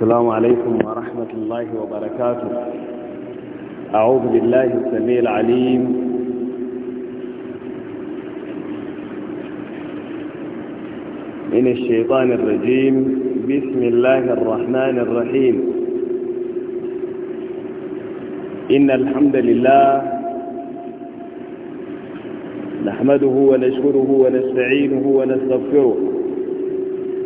السلام عليكم ورحمة الله وبركاته أعوذ بالله السميع العليم من الشيطان الرجيم بسم الله الرحمن الرحيم إن الحمد لله نحمده ونشكره ونستعينه ونستغفره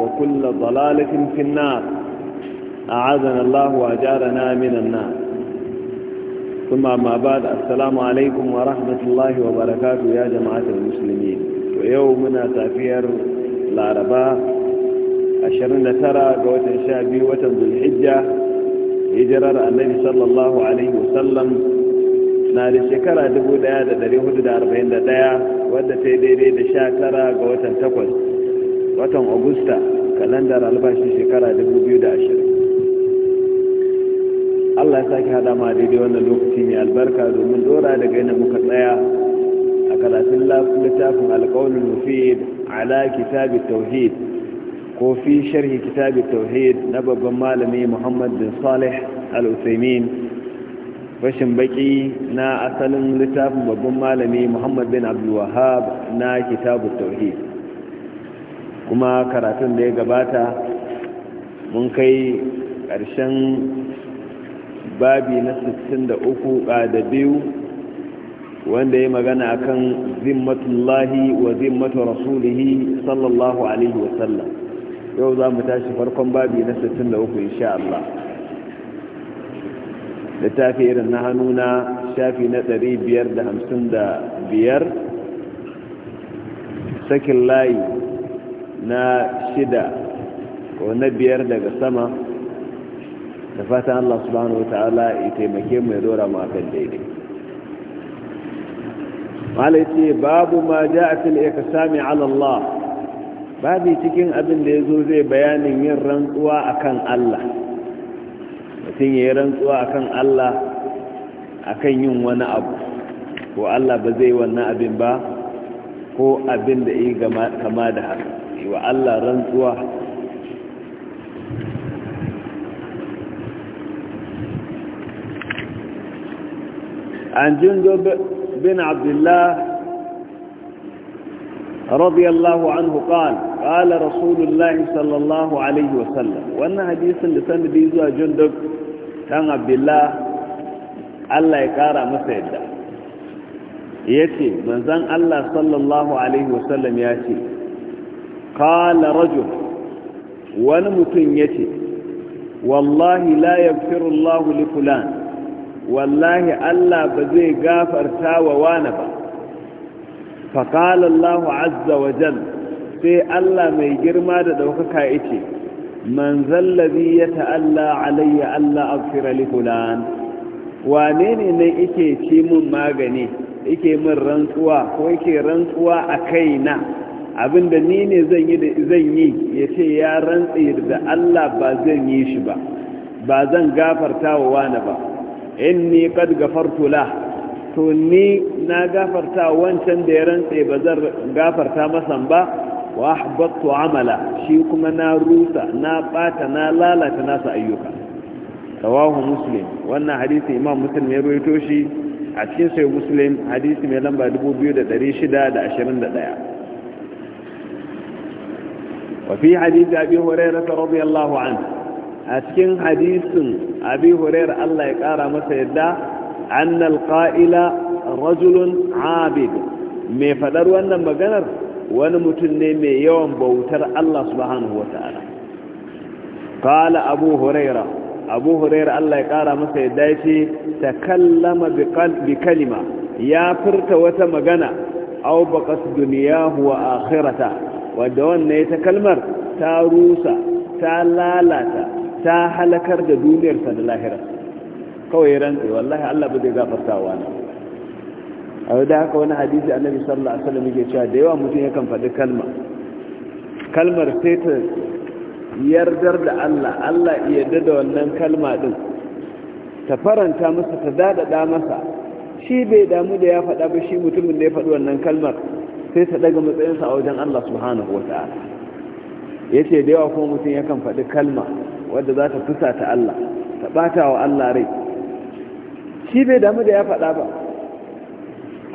وكل ضلالة في النار أعاذنا الله وأجارنا من النار ثم ما بعد السلام عليكم ورحمة الله وبركاته يا جماعة المسلمين ويومنا تافير العرباء أشرنا ترى قوة شابي وتنزل الحجة النبي دا دا دا دا دا دا دا دا دا دا دا دا دا دا دا دا دا takwas watan agusta kalandar albashi shekara 2020 allah ya sake hada ma daidai wannan lokaci mai albarka domin dora da yana muka tsaya a karatun littafin alkaunin mufid ala kitabi tauhid ko fi sharhi kitabi tauhid na babban malami muhammad bin salih al-usaimin rashin baki na asalin littafin babban malami muhammad bin abdulwahab na kitabu tauhid kuma karatun da ya gabata mun kai ƙarshen babi na 63 a da biyu wanda ya magana akan zimmatullahi wa zimmatu rasulihi sallallahu alaihi wasallam yau za mu tashi farkon babi na 63 insha Allah da littafi irin na hannu na shafi na 555 sakin layi na shida ko na biyar daga sama da fatan Allah subhanahu wata'ala ya taimake mu ya dora mu akan daidai mala yace babu ma a iktisami ala Allah babu cikin abin da ya zo zai bayanin yin rantsuwa akan Allah mutum yayi rantsuwa akan Allah akan yin wani abu ko Allah ba zai wannan abin ba ko abin da yi kama da haka wa Allah rantsuwa an jindo bin abdullah radiyallahu anhu qala qala rasulullahi sallallahu alayhi wa sallam wannan hadisin da san bi zuwa jindo kan abdullah Allah ya kara masa yadda yace manzon Allah sallallahu alaihi wasallam ya ce qala rajul wani mutum yace wallahi la yaghfiru Allah li fulan wallahi Allah ba zai gafarta wa wani ba فقال الله عز وجل Sai Allah mai girma da daukaka yace man ya ta'alla, alayya alla aghfira li fulan wane ne ne yake ci mun magani yake min rantsuwa ko yake rantsuwa a kaina abin da ni ne zan yi da zan yi ya ce ya rantse da Allah ba zan yi shi ba ba zan gafarta wa wani ba inni kad gafartu la to ni na gafarta wancan da ya rantse ba zan gafarta masa ba wa ahbattu amala shi kuma na rusa na bata na lalata nasa ayyuka tawahu muslim wannan hadisi imam muslim ya rawaito shi a cikin sai muslim hadisi mai lamba 2621 وفي حديث أبي هريرة رضي الله عنه أتكن حديث أبي هريرة الله يقارى مسيدا أن القائل رجل عابد mai faɗar wannan maganar wani mutum ne mai yawan bautar Allah subhanahu wata'ala qala abu huraira abu huraira Allah ya kara masa yadda yace takallama bi kalima ya firta wata magana aw baqas dunyahu wa akhirata wadda wannan ita kalmar ta rusa ta lalata ta halakar da duniyarsa da lahira kawai rantsi wallahi Allah ba zai gafarta wa na a da haka wani hadisi annabi sallallahu alaihi wasallam yake cewa da yawa mutum yakan faɗi kalma kalmar sai ta yardar da Allah Allah ya yarda da wannan kalma din ta faranta masa ta da masa shi bai damu da ya faɗa ba shi mutumin da ya faɗi wannan kalmar sai ta daga matsayinsa a wajen Allah subhanahu wa ta'ala yace da yawa kuma mutum yakan faɗi kalma wadda za ta fusa ta Allah ta bata wa Allah rai shi bai damu da ya faɗa ba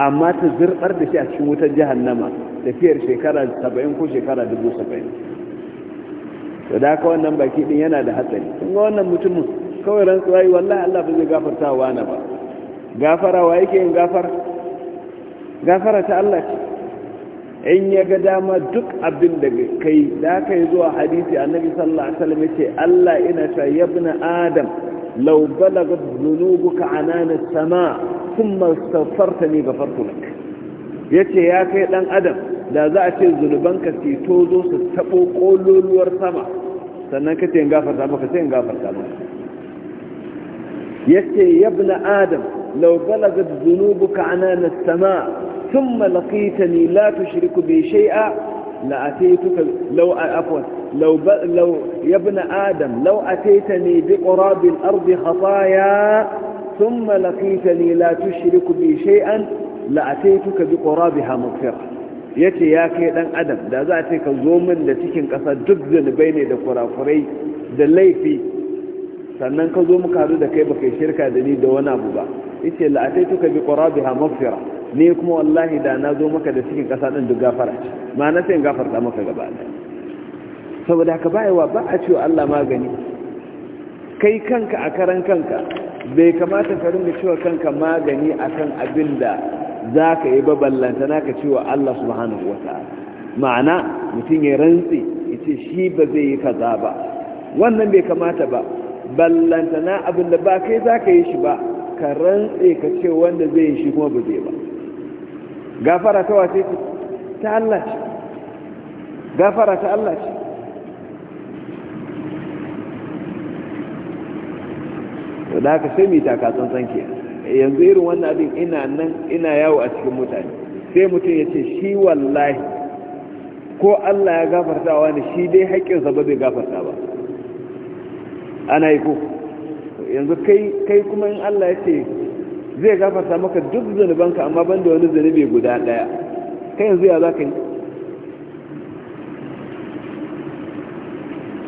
amma ta zirɓar da shi a cikin wutar jahannama tafiyar shekara 70 ko shekara 70 to da haka wannan baki din yana da hatsari kun ga wannan mutumin kawai rantsuwa yi wallahi Allah ba zai gafarta wa na ba wa yake yin gafara gafara ta Allah ce in ya ga dama duk abin da kai da ka yi zuwa hadisi a annabi sallallahu alaihi wasallam yace Allah ina ta yabna adam law balagat dhunubuka anana sama thumma astaghfartani ghafartu lak yace ya kai dan adam da za a ce zunubanka su tozo su tabo kololuwar sama sannan kace in gafarta maka sai in gafarta maka yace yabna adam law balagat dhunubuka anana sama ثم لقيتني لا تشرك بي شيئا لأتيتك لو عفوا لو ب... لو يا ابن آدم لو أتيتني بقراب الأرض خطايا ثم لقيتني لا تشرك بي شيئا لأتيتك بقرابها مغفرة yace ya kai dan adam da za a ce ka zo min da cikin ƙasa duk zunubai ne da kurakurai da laifi sannan ka zo muka haɗu da kai baka shirka da ni da wani abu ba yace la'ataitu ka bi qurabiha maghfira ni kuma wallahi da na zo maka da cikin kasa ɗin duk gafara ma na sai gafarta maka gaba da saboda haka bayawa ba a ciwo Allah magani kai kanka a karan kanka bai kamata ka rinda ciwo kanka magani akan abin da za ka yi baballanta na ka ciwo Allah subhanahu wa ma'ana mutum ya rantsi ya ce shi ba zai yi kaza ba wannan bai kamata ba ballanta na abin ba kai za ka yi shi ba ka rantse ka ce wanda zai yi shi kuma ba zai ba gafara ta wace ce ta Allah ce gafara ta Allah ce to da haka sai ta taka tsantsan ke yanzu irin wannan abin ina nan ina yawo a cikin mutane sai mutum ya ce shi wallahi ko Allah ya gafarta wa ni shi dai haƙƙinsa ba zai gafarta ba ana yi ko yanzu kai kuma in Allah ya ce zai gafarta maka duk zanubanka amma ban da wani zunubi guda ɗaya kai yanzu ya za ka yi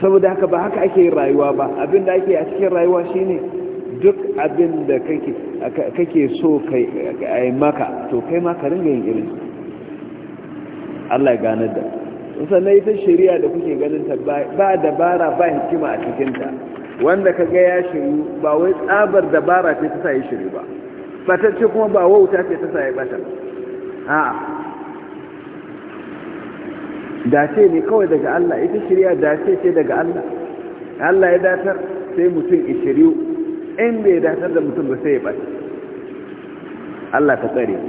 saboda haka ba haka ake rayuwa ba abinda ake a cikin rayuwa shine duk abin da kake so kai maka to kai ma ka ringa yin irin Allah ya gane da sannan ita shari'a da kuke ganin ta ba dabara ba hikima a cikinta wanda ka ga ya shiru ba wai tsabar dabara ce ta sa ya shiru ba batacce kuma ba wauta ce ta sa ya bata a'a dace ne kawai daga Allah ita shirya dace ce daga Allah Allah ya datar sai mutum ya shiryu in bai datar da mutum ba sai ya bata Allah ta tsare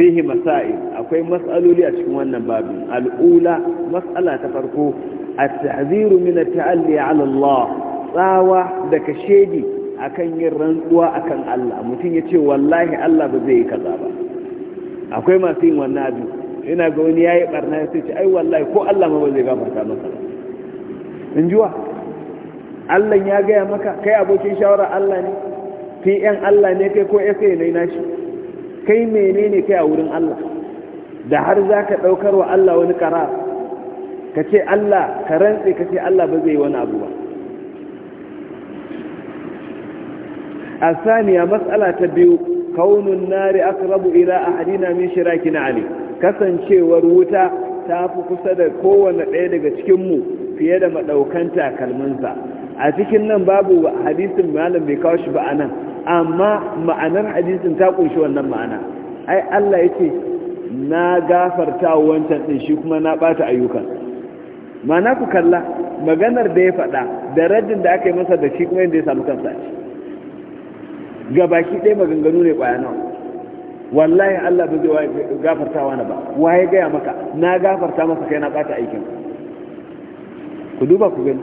fihi masail akwai mas'aloli a cikin wannan babin al'ula mas'ala ta farko at-tahziru min at-ta'alli 'ala Allah tsawa daga kashedi akan yin rantsuwa akan Allah mutum ya ce wallahi Allah ba zai yi kaza ba akwai masu yin wannan abin ina ga wani yayi barna ya ce ai wallahi ko Allah ma ba zai gafarta maka in jiwa Allah ya gaya maka kai abokin shawara Allah ne fi Allah ne kai ko SA ne shi? kai menene kai a wurin Allah da har za ka ɗaukar wa Allah wani ƙara ka ce Allah ka rantse ka ce Allah ba zai yi wani abu ba الثانية مسألة تبيو كون النار أقرب إلى أحدنا من شراكنا علي كسن شيء وروتا تافو قصد كوانا عيدك تكمو في يد ما لو كانت كالمنزع أتكن نم بابو حديث معلم بكاوش بأنا أما معنى الحديث تاقو شو أنم معنا أي الله يتي نا غافر تاو وانتا shi kuma na ɓata ayyukan mana ku kalla maganar دا ya faɗa da raddin da aka yi masa da shi kuma yadda ga baki ɗaya maganganu ne ƙwaya nawa wallahi Allah ba zai gafarta wani ba waye gaya maka na gafarta masa kai na ɓata aikin ku duba ku gani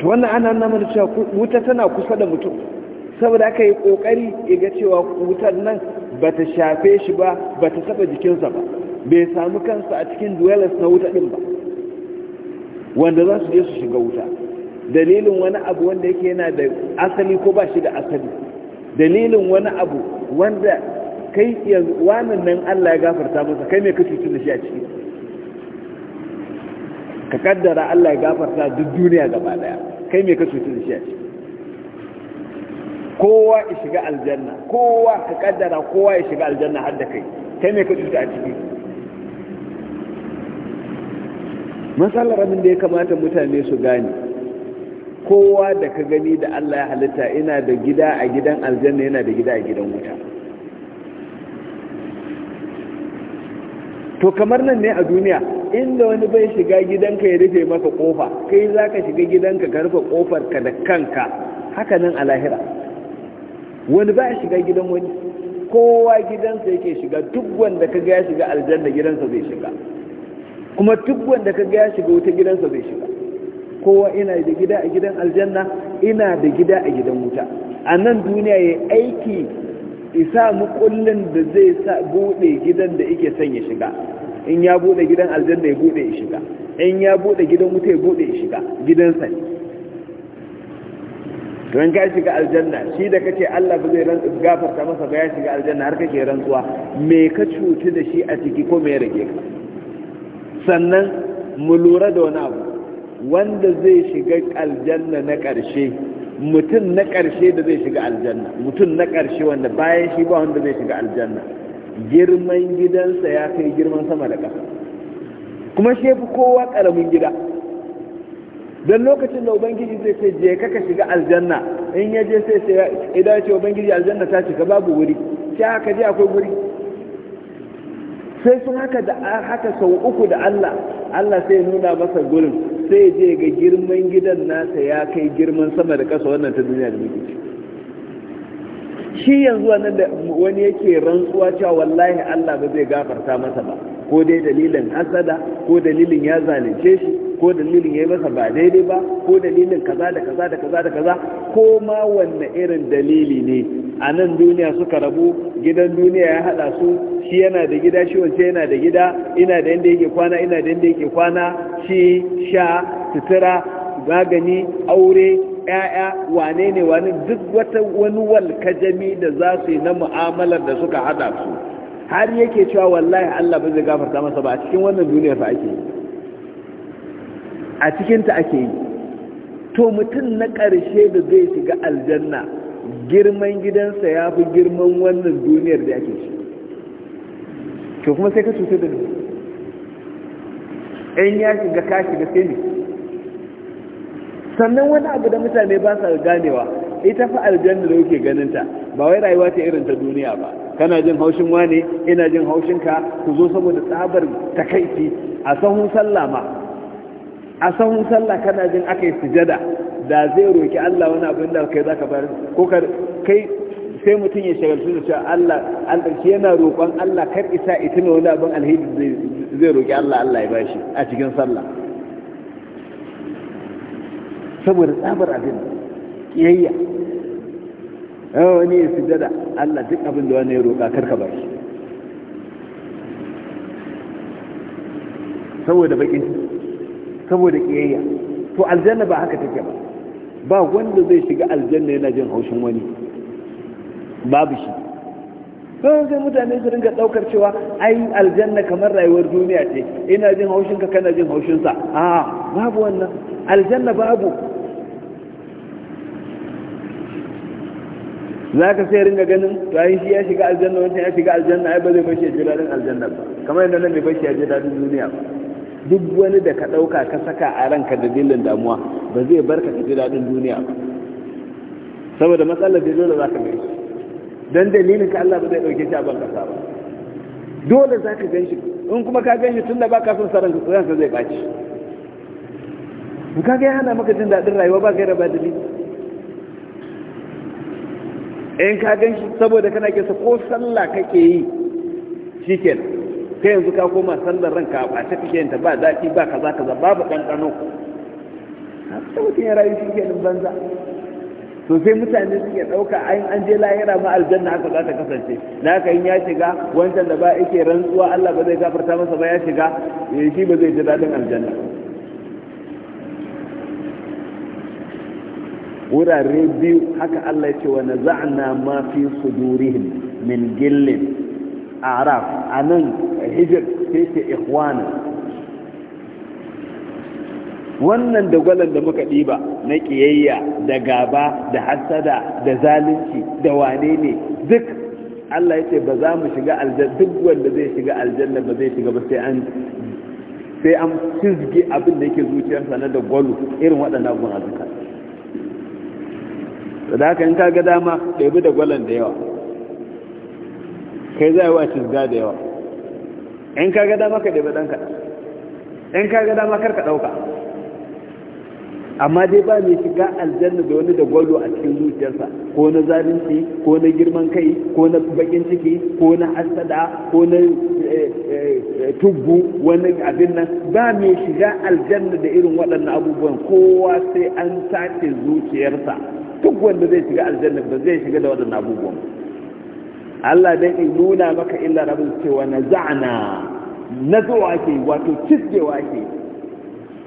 to wannan ana nan mana cewa wuta tana kusa da mutum saboda aka yi kokari ga cewa wutar nan ba ta shafe shi ba ba ta taba jikinsa ba bai samu kansa a cikin duelas na wuta din ba wanda za su je su shiga wuta dalilin wani abu wanda yake yana da asali ko ba shi da asali dalilin wani abu wanda kai yanzu wannan nan Allah ya gafarta masa kai me ka cutu da shi a ciki ka kaddara Allah ya gafarta duk duniya gaba daya kai me ka cutu da shi a ciki kowa ya shiga aljanna kowa ka kaddara kowa ya shiga aljanna har da kai kai me ka cutu a ciki Masallar abin da ya kamata mutane su gane kowa da ka gani da Allah ya halitta ina da gida a gidan aljanna yana da gida a gidan wuta to kamar nan ne a duniya inda wani bai shiga gidanka ya rufe maka kofa kai za ka shiga gidanka ka rufe kofar ka da kanka haka nan a lahira wani ba shiga gidan wani kowa gidansa yake shiga duk wanda ka ga ya shiga aljanna gidansa zai shiga kuma duk wanda ka ga ya shiga wuta gidansa zai shiga kowa ina da gida a gidan aljanna ina da gida a gidan wuta a nan duniya ya aiki isa mukullin da zai sa bude gidan da yake son ya shiga in ya bude gidan aljanna ya bude ya shiga in ya bude gidan wuta ya bude ya shiga gidansa ne don ka shiga aljanna shi da kace Allah ba zai rantsa gafarta masa ba ya shiga aljanna har kake rantsuwa me ka cuci da shi a ciki ko me rage ka sannan mu lura da wani abu wanda zai shiga aljanna na ƙarshe mutum na ƙarshe da zai shiga aljanna mutum na ƙarshe wanda bayan shi ba wanda zai shiga aljanna girman gidansa ya kai girman sama da ƙasa kuma shi fi kowa ƙaramin gida don lokacin da ubangiji zai ce je kaka shiga aljanna in ya je sai sai idan ce ubangiji aljanna ta cika babu wuri sai haka je akwai wuri sai sun haka da haka sau uku da Allah Allah sai nuna masa gurin sai je ga girman gidan nasa ya kai girman sama da kasa wannan ta duniya da muke shi yanzu wannan da wani yake rantsuwa cewa wallahi Allah ba zai gafarta masa ba ko dai dalilin hasada ko dalilin ya zalunce shi ko dalilin ya yi masa ba daidai ba ko dalilin kaza da kaza da kaza da kaza ko ma wanne irin dalili ne a nan duniya suka rabu gidan duniya ya hada su shi yana da gida shi wance yana da gida ina da yanda yake kwana ina da yanda yake kwana shi sha sutura magani aure ya'ya wane ne wane duk wata wani walkajami da za su yi na mu'amalar da suka hada su har yake cewa wallahi Allah ba zai gafarta masa ba a cikin wannan duniya fa ake yi a cikinta ake yi to mutum na ƙarshe da zai shiga aljanna girman gidansa ya fi girman wannan duniyar da ake ci to kuma sai ka cuta da ni in ya shiga kashi ga sai ne sannan wani abu da mutane ba sa ganewa ita fa aljanna da kuke ganinta ba wai rayuwa ta irin ta duniya ba kana jin haushin wane ina jin haushin ka ku zo saboda tsabar takaici a sahun sallah ma a sahun sallah kana jin aka yi sujada da zai roki Allah wani abin da kai zaka bar, ko kai sai mutum ya shagaltu da cewa Allah Allah yana roƙon Allah kar isa itina wani abin alheri zai roki Allah Allah ya bashi a cikin sallah saboda tsabar abin kiyayya wani ya da Allah duk abin da wani ya roƙa karka bashi saboda bakin saboda kiyayya to aljanna ba haka take ba ba wanda zai shiga aljanna yana jin haushin wani babu shi kawai sai mutane su ringa daukar cewa ai aljanna kamar rayuwar duniya ce ina jin haushinka kana jin haushinsa a babu wannan aljanna babu za ka sai ringa ganin to ai shi ya shiga aljanna wancan ya shiga aljanna ai ba zai bashi ya ji daɗin aljanna ba kamar yadda nan bai bashi ya ji daɗin duniya ba duk wani da ka ɗauka ka saka a ranka da dillin damuwa ba zai bar ka ji daɗin duniya ba saboda matsalar da dole za ka gan don dalilin ka Allah ba zai ɗauke shi a ba dole za ka gan shi in kuma ka gan shi tun da ba ka son saran zai ɓaci in ka yana hana maka jin daɗin rayuwa ba gaira ba dalili in ka gan shi saboda kana kesa ko sallah kake yi shi kenan kai yanzu ka koma sallar ranka a ta kake yanta ba daɗi ba kaza kaza babu ɗanɗano ta mutum ya rayu shi ke nan banza to sai mutane suke ɗauka an an je lahira ma aljanna haka za ta kasance na haka in ya shiga wancan da ba yake rantsuwa Allah ba zai gafarta masa ba ya shiga eh, shi ba zai ji daɗin aljanna wurare biyu haka Allah ya ce wa naza'na ma fi sudurihim min gillin araf a nan hijir sai ce ikhwana wannan dagwalon da muka ɗiba na ƙiyayya da gaba da hasada da zalunci da wane ne duk allah ya ce ba za mu shiga aljanna duk wanda zai shiga aljanna ba zai shiga ba sai an sai an abin da yake zuciyarsa na da gwalo irin waɗannan abin a da haka in ka ga dama ɗaibi da gwalon da yawa kai za a yi wa cizga da yawa in ka gada maka ɗaya ɗan kaɗa in ka gada makar ka ɗauka amma dai ba mai shiga aljanna da wani da gwado a cikin zuciyarsa ko na zalunci ko na girman kai ko na bakin ciki ko na hasada ko na eh, eh, tubbu wani abin nan ba mai shiga aljanna da irin waɗannan abubuwan kowa sai an sace zuciyarsa duk wanda zai shiga aljanna ba zai shiga da waɗannan abubuwan Allah bai in nuna maka illa rabin cewa na za'ana na zuwa ake wato cizgewa ake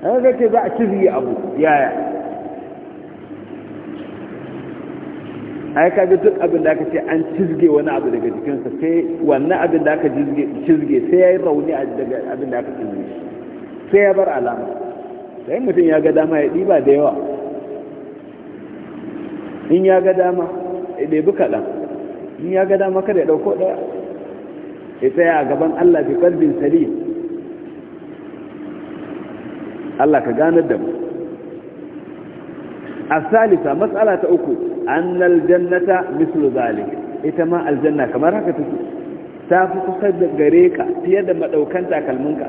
an ga ce za a cizge abu yaya ai ka ga duk abin da aka ce an cizge wani abu daga jikinsa sai wannan abin da aka cizge sai ya yi rauni daga abin da aka cizge sai ya bar alama sai mutum ya ga dama ya ɗiba da yawa in ya ga dama ya ɗebi kaɗan in ya ga dama kada ya dauko daya ya tsaya a gaban Allah fi kalbin sarih Allah ka ganar da mu A asalisa matsala ta uku annal jannata mislu zalik ita ma aljanna kamar haka take ta fi kusa da gare ka fiye da maɗaukan takalminka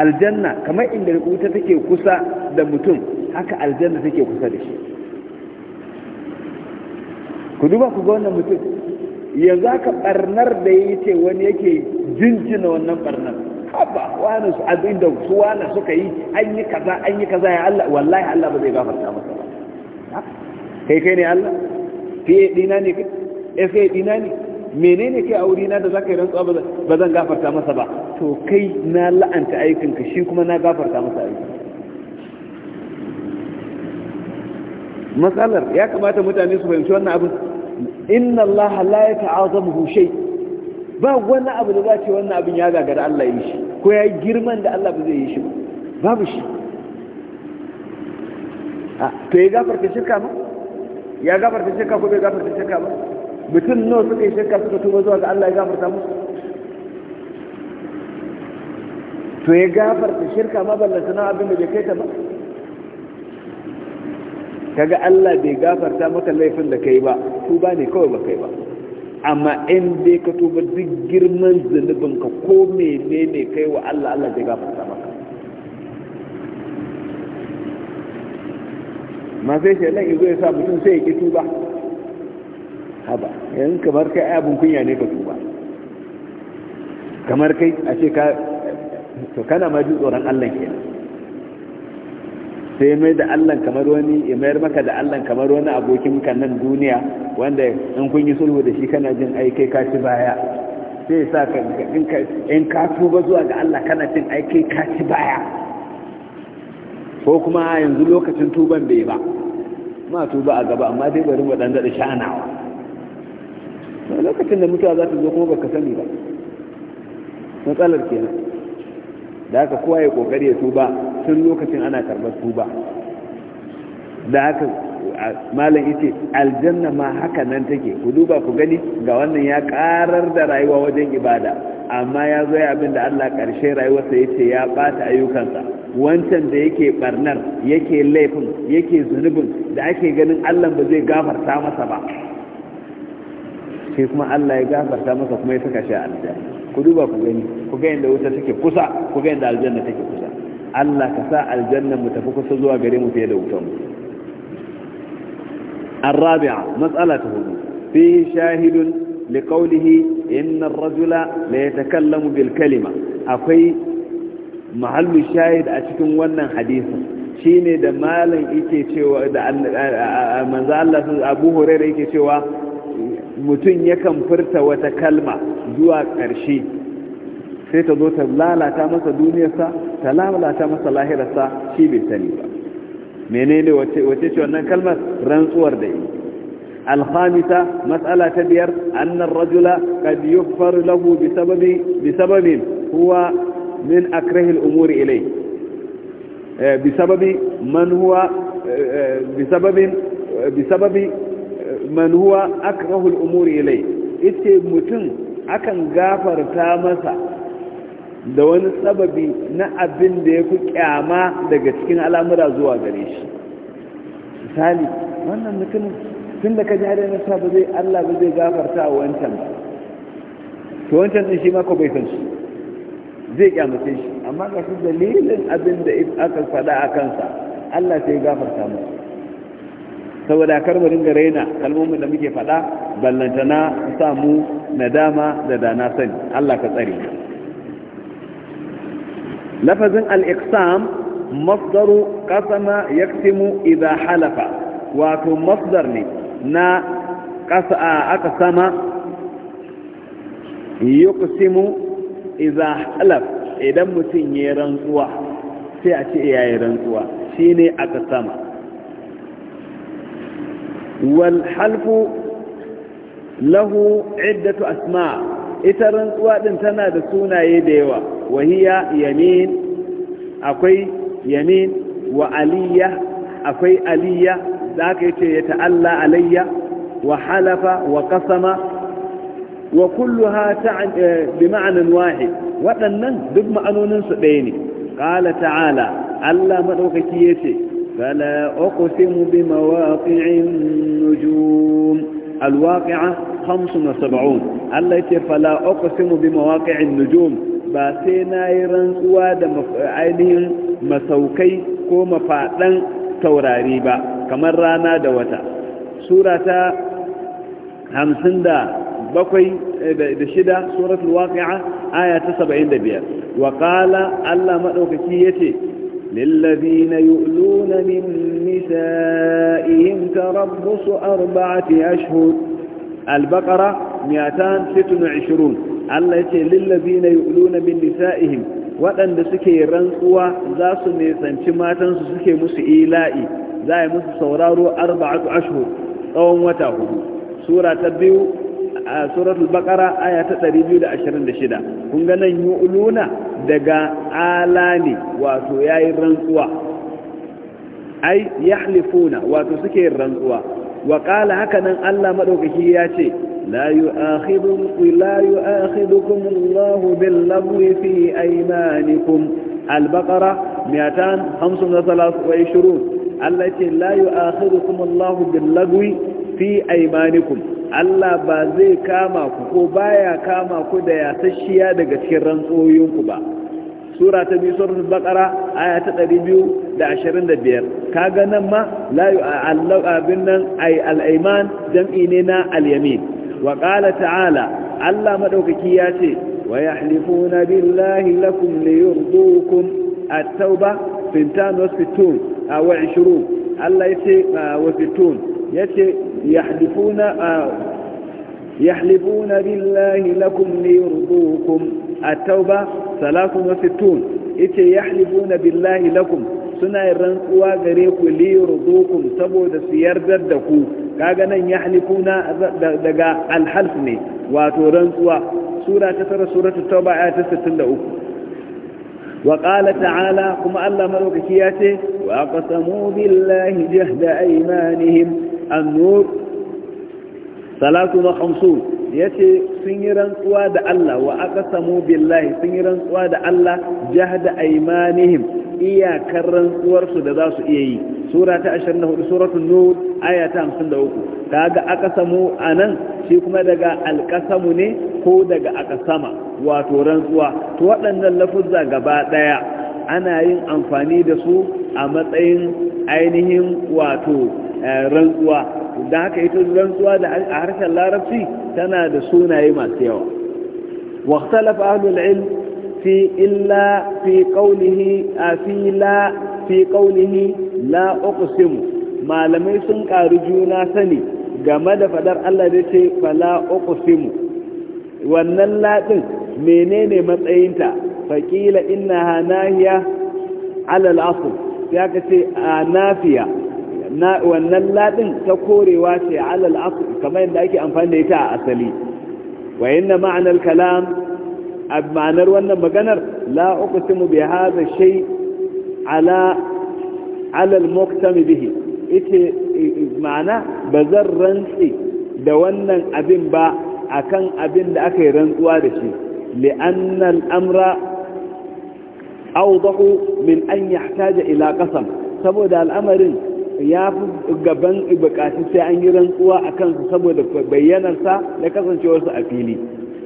aljanna kamar inda ta take kusa da mutum haka aljanna take kusa da shi ku duba ku ga wannan mutum yanzu aka barnar da ya ce wani yake jinjina wannan barnar haba wani su abin da su wani suka yi an yi kaza an yi kaza ya Allah wallahi Allah ba zai gafarta masa ba kai kai ne Allah ya dina ne kai eh, ya dina ne menene ke aure na da ka yi rantsuwa ba zan gafarta masa ba to kai na la'anta aikin ka shi kuma na gafarta masa aiki matsalar ya kamata mutane su fahimci wannan abin inna Allah la ya ta'azamu shay ba wani abu da za wannan abin ya gagara Allah ya yi shi ko ya girman da Allah ba zai yi shi ba babu shi to ya gafarta shirka ma? ya gafarta shirka ko bai gafarta shirka ba mutum nawa suka yi shirka suka tuba zuwa ga Allah ya gafarta musu to ya gafarta shirka ma ballanta na abin da bai kai ta ba kaga Allah bai gafarta maka laifin da kai ba tuba ne kawai ba kai ba amma in dai ka tuba duk girman zunubin ka ko menene kai wa Allah Allah bai gafarta maka ma sai shi nan izo ya sa mutum sai ya ki tuba haba yanzu kamar kai abun kunya ne ka tuba kamar kai a ce ka to kana ma ji tsoron Allah kenan sai mai da allah kamar wani ya mayar maka da allah kamar wani abokin ka nan duniya wanda in kun yi sulhu da shi kana jin ai kai ka ci baya sai sa ka in ka tuba zuwa ga allah kana jin ai kai ka ci baya ko kuma yanzu lokacin tuban bai ba ma tuba a gaba amma dai bari wadan da daɗa shanawa lokacin da mutuwa za ta zo kuma baka sani ba matsalar kenan da haka kowa ya kokari ya tuba tun lokacin ana karɓar tuba da haka malam yace aljanna ma haka nan take ku duba ku gani ga wannan ya karar da rayuwa wajen ibada amma ya zo ya abin da Allah karshe rayuwarsa yace ya bata ayyukansa wancan da yake barnar yake laifin yake zunubin da ake ganin Allah ba zai gafarta masa ba sai kuma Allah ya gafarta masa kuma ya saka shi a aljanna ku duba ku gani ku ga inda wuta take kusa ku ga inda aljanna take kusa Allah ka sa aljannan mu tafi kusa zuwa gare mu fiye da wutan mu Arabi'a matsala ta hudu fi shahidun li qawlihi inna ar-rajula la yatakallamu bil kalima akwai mahallu shahid a cikin wannan hadisi shine da malam yake cewa da manzo Allah sun Abu Hurairah yake cewa mutum yakan furta wata kalma zuwa ƙarshe sai ta zo ta lalata masa duniyarsa ta lalata masa lahirarsa shi bai sani ba menene wace wace ce wannan kalmar rantsuwar da yi الخامسة مسألة بير أن الرجل قد يغفر له بسبب, بسبب هو من أكره الأمور إليه بسبب من هو بسبب بسبب من هو أكره الأمور إليه إتي متن أكن غافر تامسا da wani sababi na abin da ya fi kyama daga cikin al'amura zuwa gare shi misali wannan mutumin tun da ka ji hada nasa ba zai allah ba zai gafarta a wancan to wancan ɗin shi mako bai san shi zai kyamace shi amma ga su dalilin abin da aka faɗa a kansa allah sai gafarta mu saboda kar gare na raina kalmomin da muke faɗa ballantana samu nadama da dana sani allah ka tsare lafazin al-iqsam masdaru ya yaktimu idha halafa wato masdar ne na a aka sama yuqsimu idha halaf idan mutum ya rantsuwa sai a ce yayi rantsuwa shine aka sama wal halfu lahu iddatu asma' ita rantsuwa ɗin tana da sunaye da yawa وهي يمين أكوي يمين وألية أكوي ألية ذاك يتألى علي وحلف وقسم وكلها بمعنى واحد وأنن بمعنى سبيني قال تعالى ألا مدوككيتي فلا أقسم بمواقع النجوم الواقعة 75 التي فلا أقسم بمواقع النجوم ba sai na yi rantsuwa da ainihin masaukai ko mafaɗan taurari ba kamar rana da wata sura ta hamsin da bakwai eh, da shida suratul waqi'a aya ta saba'in da biyar wa ƙala allah maɗaukaki ya ce للذين يؤلون من نسائهم تربص أربعة أشهر البقرة 226 Allah ya ce lillazina u'luna min nisa'ihim waɗanda suke rantsuwa za su nisanci matansu suke musu ila'i za a yi musu sauraro arba'atu ashhur tsawon wata hudu sura ta biyu a suratul baqara aya ta 226 kun ga nan yu'uluna daga ala ne wato yi rantsuwa ai yahlifuna wato suke rantsuwa wa qala haka nan Allah madaukaki ya ce la yu'akhidukum la yu'akhidukum Allahu bil lagwi fi aymanikum al-baqara 225 Allah ce la yu'akhidukum Allahu bil lagwi fi aymanikum Allah ba zai kama ku ko baya kama ku da yasashiya daga cikin rantsoyinku ba sura ta biyu suratul baqara aya ta ka kaga nan ma la yu'allu abin nan ay al jam'i ne na al-yamin wa qala ta'ala Allah madaukaki ya ce wa yahlifuna billahi lakum liyurdukum a tauba a aw 20 Allah ya yace wa 60 yace yahlifuna يحلفون بالله لكم a tauba. salatun wasu tun ita ya halifuna billahi lakum suna rantsuwa gare ku liyurdukum saboda su yardar da ku kaga nan ya halifuna daga alhalf ne wato rantsuwa sura ta tara suratul tauba aya ta 63 وقال تعالى كما الله ملوكياته وأقسموا بالله جهد أيمانهم النور ثلاث وخمسون yace sun yi rantsuwa da Allah wa aka samu billahi sun yi rantsuwa da Allah da aimanihim iyakar rantsuwarsu da za su iya yi sura ta 24 suratul nur aya ta 53 kaga samu anan shi kuma daga alƙasamu ne ko daga sama wato rantsuwa to waɗannan lafuzza gaba ɗaya ana yin amfani da su a matsayin ainihin wato eh, rantsuwa da haka ita rantsuwa da a harshen larabci tana da sunaye masu yawa واختلف أهل العلم في fi في قوله fi لا fi qawlihi la uqsimu malamai sun karu juna sani game da fadar Allah da ce fala uqsimu wannan latin menene matsayinta faqila innaha nahiya ala al-asl ya kace anafiya na wannan ladin ta korewa ce alal asl kamar yadda ake amfani da ita a asali wa inna ma'anar kalam a ma'anar wannan maganar la uqsimu bi hadha shay ala alal muqtami bihi ita ma'ana bazan rantsi da wannan abin ba akan abin da aka yi rantsuwa da shi li'anna amra awdahu min an yahtaja ila qasam saboda al'amarin ya fi gaban bukatu sai an yi rantsuwa a kansu saboda bayyanarsa da kasancewarsa a fili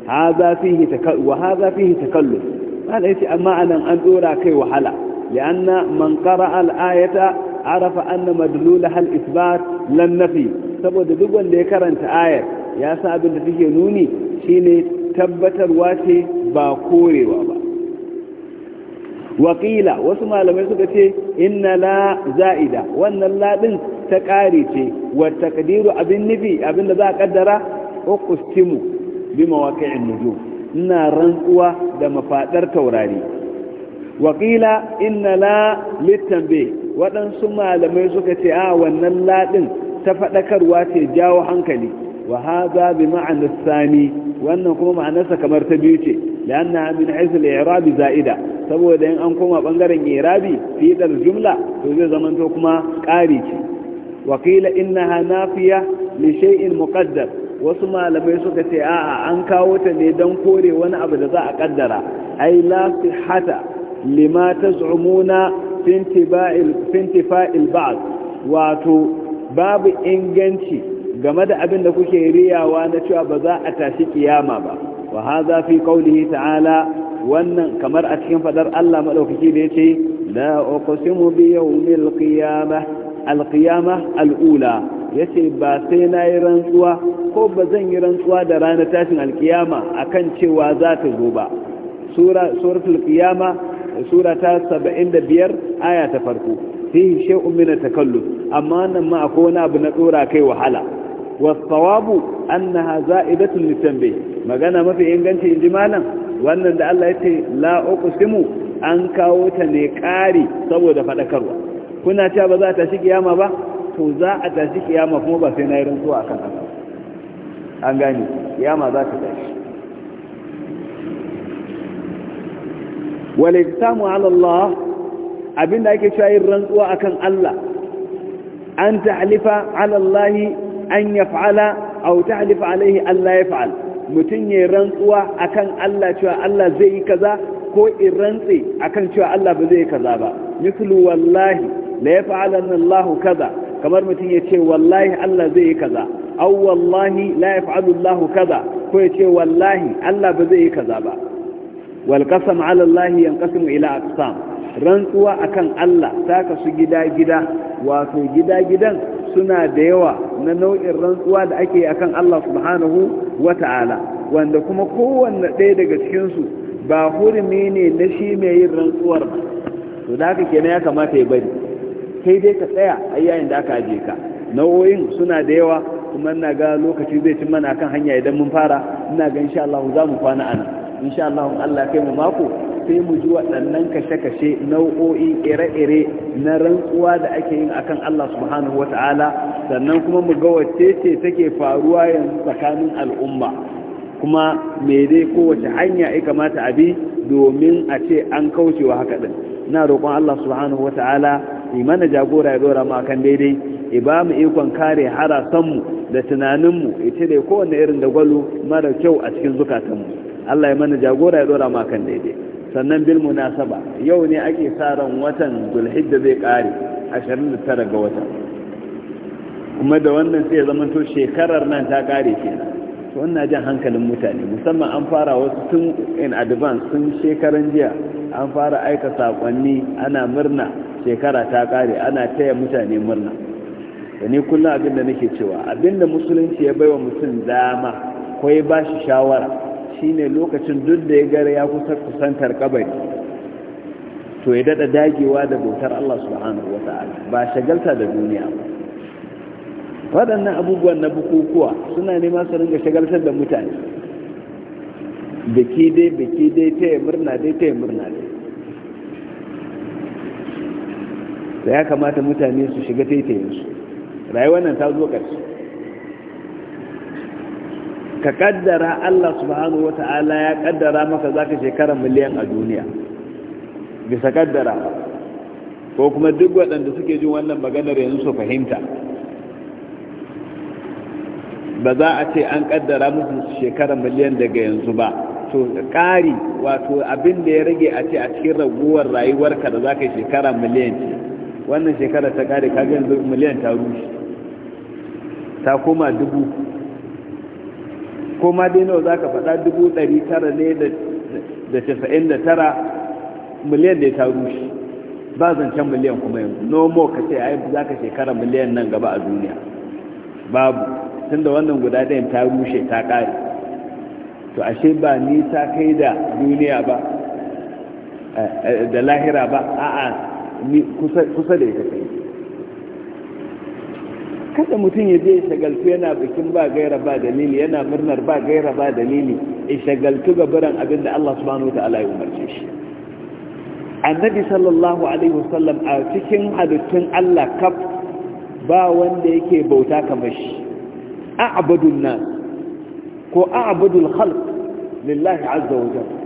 haza ta kallo wa haza kallo takallu da yake amma anan an tsora kai wahala Ya man qara'a al'ayata arafa anna madlulaha hal isbat lan nafi saboda duk wanda ya karanta ayar ya san abin da take nuni shine tabbatarwa ce ba korewa ba waƙila wasu malamai suka ce inna la za'ida wannan laɗin ta ƙari ce wa taqdiru abin nufi abin da za a ƙaddara uqsimu bi mawaqi'in nujum ina rantsuwa da mafaɗar taurari waƙila inna la litanbe waɗansu malamai suka ce a wannan laɗin ta faɗakarwa ce jawo hankali wa haza bi ma'anar sani wannan kuma ma'anarsa kamar ta biyu ce لأنها من حيث الإعراب زائدة سبو دين أنكم بانغرن إعرابي في الجملة توجد زمن توكما قارج وقيل إنها نافية لشيء مقدر wasu malamai suka ce a'a an kawo ta ne don kore wani abu da za a انتفاء ai واتو باب lima gama fintifa'il wato babu inganci game da abin da kuke riyawa na cewa ba za a tashi kiyama ba Waha zafi fi ta ta'ala wannan kamar a cikin faɗar Allah madaukaki da yace la uqsimu bi yawmil qiyamah al yace ba sai na yi rantsuwa ko ba zan yi rantsuwa da ranar tashin alkiyama akan cewa za ta zo ba sura suratul surata sura da biyar aya ta farko fihi shay'un min at-takalluf amma nan ma akwai wani abu na dora kai wahala wasawabu annaha za'idatun litambe magana mafi inganci inji malam wannan da Allah yake la uqsimu an kawo ta ne kari saboda fadakarwa kuna cewa ba za ta shi kiyama ba to za a ta shi kiyama kuma ba sai na yi rantsuwa akan haka an gani kiyama za ta tashi wal iktamu ala Allah abinda yake cewa yin rantsuwa akan Allah an ta'lifa ala an ya fa'ala a wuta halifa alaihi Allah ya fa'al mutum ya rantsuwa akan Allah cewa Allah zai yi kaza ko in rantse akan cewa Allah ba zai yi kaza ba mislu wallahi la ya fa'alan Allah kaza kamar mutum ya ce wallahi Allah zai yi kaza aw wallahi la ya fa'alu Allah kaza ko ya ce wallahi Allah ba zai yi kaza ba wal qasam ala Allah yanqasimu ila aqsam rantsuwa akan Allah ta kasu gida-gida wato gida-gidan suna da yawa na nau'in rantsuwa da ake akan Allah subhanahu wata'ala wanda kuma kowanne ɗaya daga cikinsu ba hurumi ne na shi mai yin rantsuwar ba to da haka kenan ya kamata ya bari kai dai ka tsaya a yayin da aka aje ka nau'o'in suna da yawa kuma ina ga lokaci zai ci mana akan hanya idan mun fara ina ga insha Allah za mu kwana anan insha Allah Allah kai mu mako sai mu ji waɗannan kashe-kashe nau'o'i ire-ire na rantsuwa da ake yin akan Allah subhanahu ta'ala, sannan kuma mu ga wacce ce take faruwa yanzu tsakanin al'umma kuma me dai kowace hanya ya kamata a bi domin a ce an kauce wa haka din na roƙon Allah subhanahu ya mana jagora ya dora mu akan daidai ya ba mu ikon kare harasanmu da tunaninmu ya cire kowanne irin da dagwalo mara kyau a cikin zukatanmu Allah ya mana jagora ya dora makan daidai sannan bil munasaba yau ne ake sa ran watan zulhijja zai kare 29 ga wata kuma da wannan sai zama to shekarar nan ta kare kenan to wannan jan hankalin mutane musamman an fara wasu tun in advance tun shekaran jiya an fara aika sakonni ana murna shekara ta kare ana taya mutane murna da ni kullum abinda nake cewa abinda musulunci ya baiwa mutum dama ko ya ba shi shawara shine lokacin duk da ya gara ya kusa kusantar kabari to ya dada dagewa da bautar Allah subhanahu ba shagalta da duniya ba waɗannan abubuwan na bukukuwa suna nema su ringa shagaltar da mutane biki dai biki dai taya murna dai taya murna dai da ya kamata mutane su shiga taitayinsu rayuwar nan ta zo ƙarshe ka kaddara Allah subhanahu ta'ala ya kaddara maka zaka shekara miliyan a duniya bisa kaddara ko kuma duk waɗanda suke jin wannan maganar yanzu su fahimta ba za a ce an kaddara musu shekara miliyan daga yanzu ba to ƙari wato abin da ya rage a ce a cikin raguwar rayuwarka da za ka shekara miliyan ce wannan shekara ta ƙari, kaga yanzu miliyan ta rushe ta koma dubu ko ma dai nawa zaka ka faɗa dubu ne da miliyan da ya ta rushe ba zancen miliyan kuma yanzu no more ka ce ai za ka shekara miliyan nan gaba a duniya babu tunda wannan guda ɗayan ta rushe ta ƙare to ashe ba ni ta kai da duniya ba eh, eh, da lahira ba a'a kusa da ita kai kada mutum ya je ya shagaltu yana bikin ba gaira ba dalili yana murnar ba gaira ba dalili ya shagaltu ga biran abin da Allah subhanahu wataala ya umarce shi annabi sallallahu alaihi wasallam a cikin halittun Allah kaf ba wanda yake bauta kamar shi a'budun nas ko a'budul khalq lillahi azza wa jalla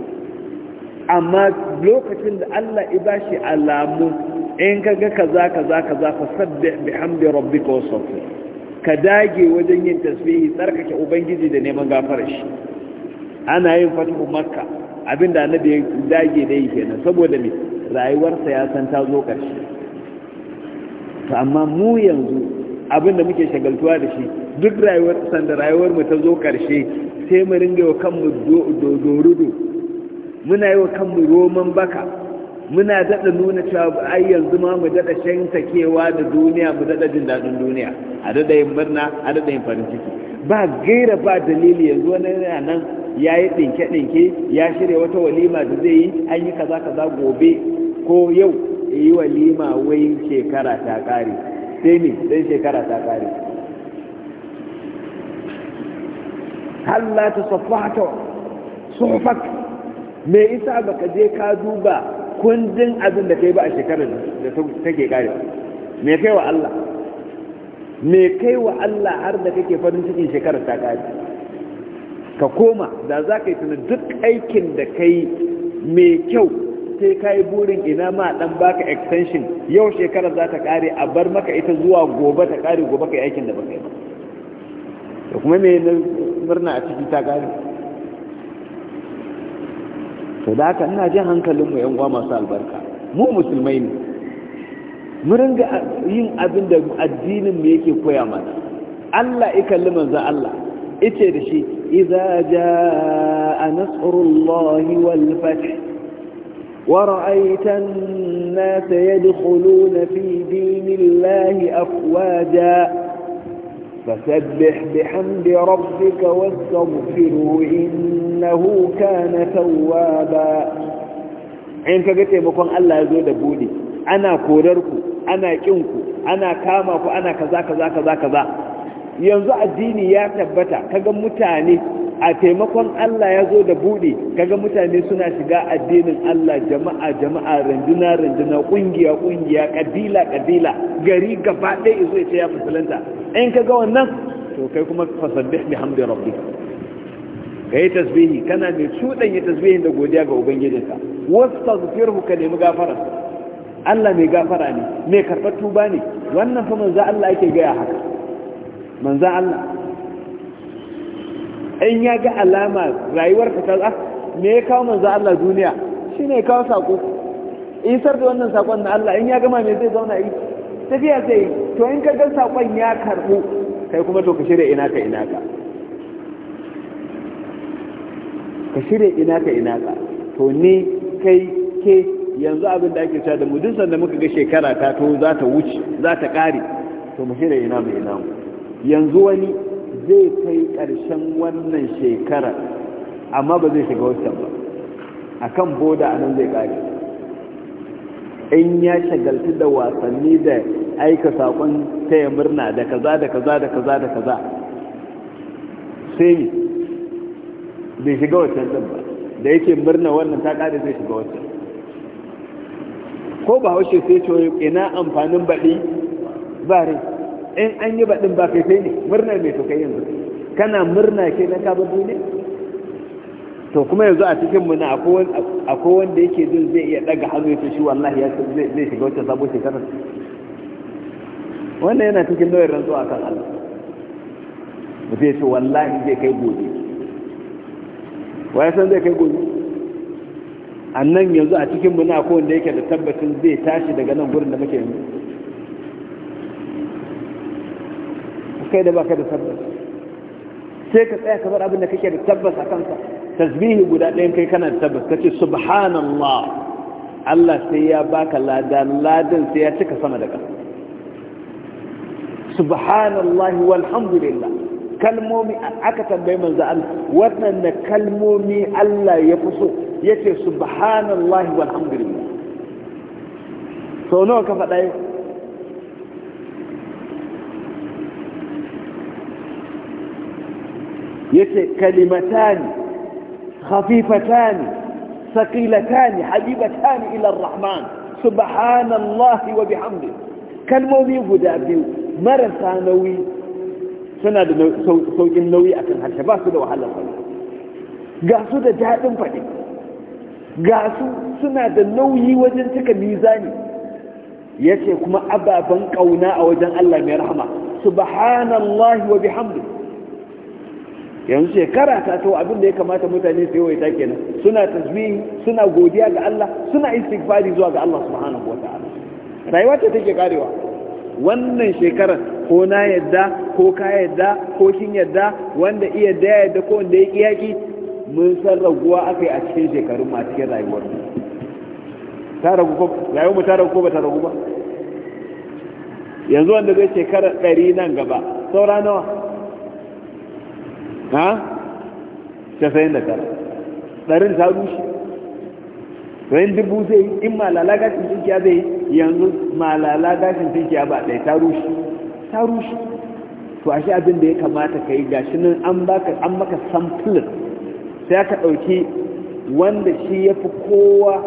amma lokacin da Allah ya bashi alamu in ka ga kaza kaza kaza fa sabbih bihamdi rabbika Sofi, ka dage wajen yin tasbihi tsarkake ubangiji da neman gafarar shi ana yin fatihu makka abinda annabi ya dage da kenan saboda me rayuwarsa ya san ta zo karshe to amma mu yanzu abinda muke shagaltuwa da shi duk rayuwar sanda rayuwar mu ta zo karshe sai mu ringa wa kanmu dodorudo muna yi wa kanmu roman baka muna daɗa nuna cewa ai yanzu ma mu daɗa shantakewa da duniya mu daɗa jin daɗin duniya a daɗa yin murna a daɗa yin farin ciki ba gaira ba dalili yanzu wani yana nan ya yi ɗinke-ɗinke ya shirya wata walima da zai yi an yi kaza kaza gobe ko yau yi walima wai shekara ta ƙare sai ne dan shekara ta ƙare hal la tasaffahta suhfak me isa baka je ka duba kundin abin da kai ba a shekarar da take kare me kai wa Allah me kai wa Allah har da kake farin cikin shekarar ta kare ka koma da za ka yi tuni duk aikin da ka yi mai kyau sai ka yi burin ina ma dan baka extension yau shekarar za ta kare a bar maka ita zuwa gobe ta kare gobe ka yi aikin da baka yi ba kuma me murna a ciki ta kare to da haka ina jin hankalinmu yan uwa masu albarka mu musulmai ne mu ringa yin abin da addinin mu yake koya mana Allah ya kalli za Allah yace da shi iza jaa nasrullahi wal fath wa ra'aita an-nasa na fi dinillahi afwaja فسبح بحمد ربك واستغفره إنه كان توابا in kaga taimakon Allah ya zo da bude ana korarku ana kinku ana kama ku ana kaza kaza kaza yanzu addini ya tabbata ka ga mutane a taimakon Allah ya zo da buɗe kaga mutane suna shiga addinin Allah jama'a jama'a randuna randuna kungiya kungiya kabila kabila gari gaba ɗaya izo ya ce ya fasalanta in kaga wannan to kai kuma fasabbih bihamdi rabbi kai tasbihi kana mai ya tasbihin da godiya ga ubangijinka wastaghfirhu ka nemi gafara. Allah mai gafara ne mai karɓar tuba ne wannan fa manzo Allah yake gaya haka manzo Allah in ya ga alama rayuwar ka ta me ya kawo manzo Allah duniya shine ya kawo sako sar da wannan sakon na Allah in ya gama me zai zauna yi tafiya sai to in ka ga sakon ya karbu kai kuma to ka shirya ina ka ina ka ka shirya ina ka ina ka to ni kai ke yanzu abin da ake cewa da mu duk sanda muka ga shekara ta to za ta wuce za ta kare to mu shirya ina mu ina mu yanzu wani zai kai ƙarshen wannan shekarar amma ba zai shiga wancan ba a kan boda a nan zai ƙari in ya shagaltu da wasanni da aika saƙon taya murna da kaza da kaza da kaza da kaza sai bai shiga wancan ɗin ba da yake murna wannan ta ƙari zai shiga wancan ko ba haushe sai ce ina amfanin baɗi ba rai in an yi baɗin ba kai ne murnar mai to yanzu kana murna ke na ka bar to kuma yanzu a cikin mu na akwai wanda yake jin zai iya daga hannu ya shi wallahi ya zai shiga wata sabo shekarar wannan yana cikin nauyin rantsuwa kan Allah Zai ya ce wallahi zai kai gobe waya san zai kai gobe annan yanzu a cikin mu na akwai wanda yake da tabbacin zai tashi daga nan gurin da muke yanzu kai da baka da tabbas sai ka tsaya ka bar abin da kake da tabbas a kansa tasbihi guda ɗayan kai kana da tabbas ka ce subhanallah Allah sai ya baka ladan ladan sai ya cika sama da ƙasa subhanallah walhamdulillah kalmomi aka tambayi manzo Allah waɗanne kalmomi Allah ya fi yace subhanallah walhamdulillah sau nawa ka faɗa yau yace kalimatani khafifatani saqilatani habibatani ila arrahman subhanallahi wa bihamdi kalmomi guda biyu marasa nauyi suna da saukin nauyi akan harshe ba su da wahalar faɗi ga su da daɗin faɗi ga su suna da nauyi wajen cika mizani yace kuma ababen kauna a wajen Allah mai rahama subhanallahi wa bihamdi yanzu shekara ta to abin da ya kamata mutane su yawaita kenan suna tasbihi suna godiya ga Allah suna istighfari zuwa ga Allah subhanahu wataala rayuwa ce take karewa wannan shekarar ko na yadda ko ka yadda ko kin yadda wanda iya da yadda ko wanda ya kiyaki mun san raguwa aka yi a cikin shekarun ma cikin rayuwar mu ta ragu ko rayuwar mu ta ragu ko ba ta ragu ba yanzu wanda zai shekarar 100 nan gaba saura nawa ha casa'in da tara tsarin ta rushe rayin dubu zai in malala gashin tunkiya zai yanzu malala gashin tunkiya ba ɗai ta rushe ta rushe to ashe abin da ya kamata ka yi gashi nan an baka an maka samfulin sai aka ɗauki wanda shi ya fi kowa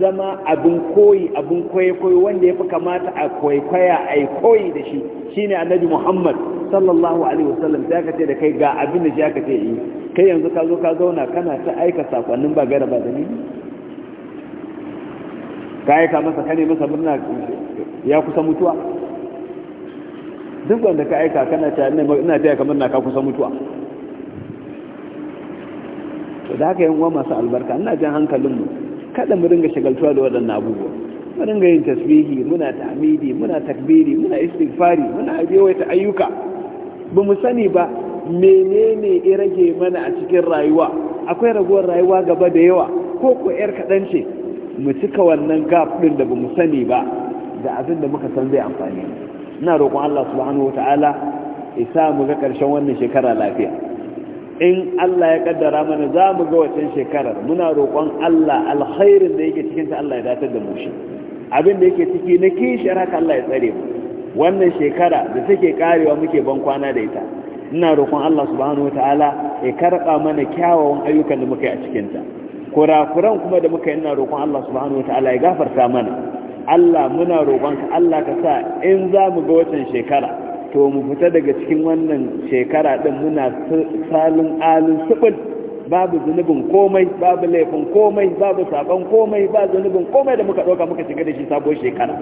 zama abin koyi abin kwaikwayo wanda ya fi kamata a kwaikwaya a yi koyi da shi shine annabi muhammad sallallahu alaihi wasallam sai aka ce da kai ga abin da shi aka ce yi kai yanzu ka zo ka zauna kana ta aika sakonnin ba gaira ba da ni? ka aika masa kane masa murna ya kusa mutuwa duk wanda ka aika kana ta ina ta kamar na ka kusa mutuwa to da haka yan uwa masu albarka ina jan hankalin mu kada mu ringa shagaltuwa da waɗannan abubuwa mu ringa yin tasbihi muna tamidi muna takbiri muna istighfari muna ta ayyuka ba mu sani ba menene ya rage mana a cikin rayuwa akwai raguwar rayuwa gaba da yawa ko ko yar kaɗan ce mu cika wannan gap ɗin da ba mu sani ba da abin da muka san zai amfani ina roƙon Allah subhanahu wata'ala isa mu ga ƙarshen wannan shekara lafiya in Allah ya kaddara mana za mu ga wacan shekarar muna roƙon Allah alkhairin da yake cikin ta Allah ya datar da mu shi abin da yake ciki na kishiyar haka Allah ya tsare mu wannan shekara da take karewa muke ban kwana da ita ina roƙon Allah subhanahu wataala ya karɓa mana kyawawan ayyukan da muka yi a cikinta kurakuran kuma da muka yi ina roƙon Allah subhanahu wataala ya gafarta mana Allah muna roƙonka Allah ka sa in za mu ga watan shekara to mu fita daga cikin wannan shekara ɗin muna salin alin subul babu zunubin komai babu laifin komai babu sabon komai ba zunubin komai da muka ɗauka muka shiga da shi sabuwar shekara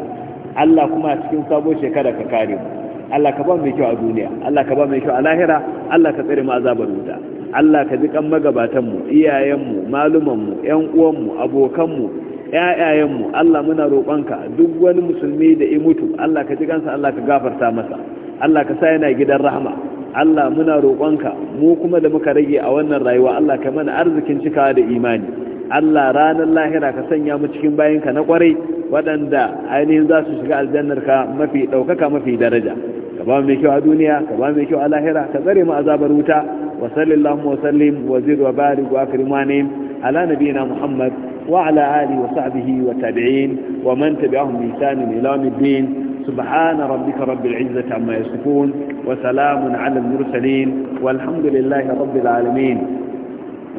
Allah kuma a cikin sabon shekara ka kare mu Allah ka ba mu kyau a duniya Allah ka ba mu kyau a lahira Allah ka tsare mu azabar wuta Allah ka jikan magabatan mu iyayen mu maluman mu ƴan uwan mu abokan mu ƴaƴayen mu Allah muna roƙonka duk wani musulmi da ya mutu Allah ka ji kansa Allah ka gafarta masa Allah ka sa yana gidan rahama Allah muna roƙonka mu kuma da muka rage a wannan rayuwa Allah ka mana arzikin cikawa da imani Allah ranar lahira ka sanya mu cikin bayinka na kwarai waɗanda ainihin za su shiga aljannar ka mafi ɗaukaka mafi daraja ka ba mai kyau a duniya ka ba mai kyau a lahira ka tsare mu azabar wuta wa sallallahu wa sallim wa wa barik wa akrimani ala nabiyina muhammad wa ala alihi wa sahbihi wa tabi'in wa man tabi'ahum bi ihsan ila yawmiddin سبحان ربك رب العزة عما يصفون وسلام على المرسلين والحمد لله رب العالمين